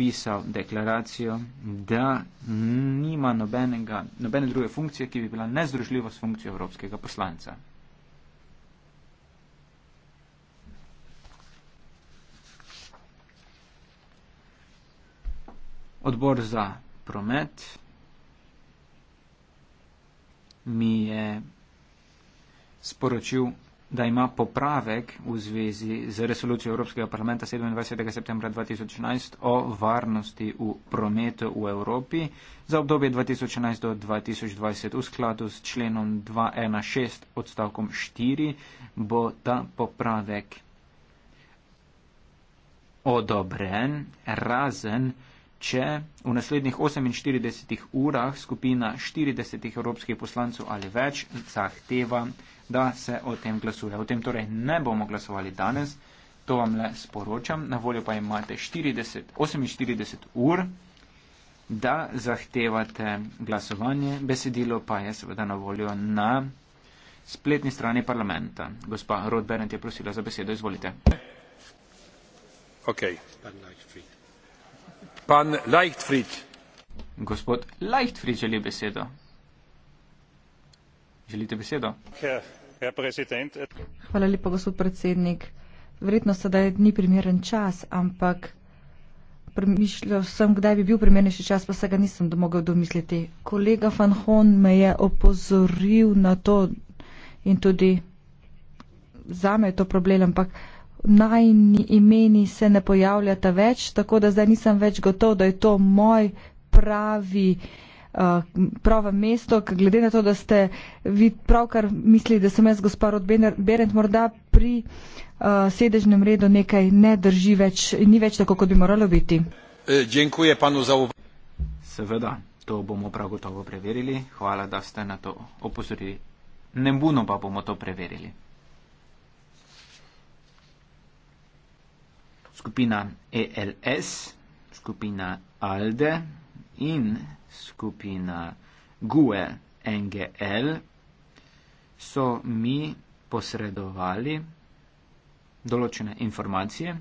podpisal deklaracijo, da nima nobenega, nobene druge funkcije, ki bi bila nezdružljiva s funkcijo evropskega poslanca. Odbor za promet mi je sporočil da ima popravek v zvezi z resolucijo Evropskega parlamenta 27. septembra 2011 o varnosti v prometu v Evropi za obdobje 2011 do 2020 v skladu s členom 216 odstavkom 4, bo ta popravek odobren razen če v naslednjih 48 urah skupina 40 evropskih poslancev ali več zahteva, da se o tem glasuje. O tem torej ne bomo glasovali danes, to vam le sporočam. Na voljo pa imate 40, 48 ur, da zahtevate glasovanje. Besedilo pa je seveda na voljo na spletni strani parlamenta. Gospa Rod Berend je prosila za besedo, izvolite. Okay. Pan Leichtfried. Gospod Leichtfried želi besedo. Želite besedo? Hvala lepa, gospod predsednik. Verjetno sedaj ni primeren čas, ampak premišljal sem, kdaj bi bil primernejši čas, pa se ga nisem domogel domisliti. Kolega Van Hon me je opozoril na to in tudi zame je to problem, ampak najni imeni se ne pojavljata več, tako da zdaj nisem več gotov, da je to moj pravi, uh, pravo mesto, glede na to, da ste vi pravkar mislili, da sem jaz gospod Rodbener, Berend, morda pri uh, sedežnem redu nekaj ne drži več, ni več tako, kot bi moralo biti. E, dziękuję panu za uvod. Seveda, to bomo prav gotovo preverili. Hvala, da ste na to opozorili. Nembuno pa bomo to preverili. skupina ELS, skupina ALDE in skupina GUE NGL so mi posredovali določene informacije.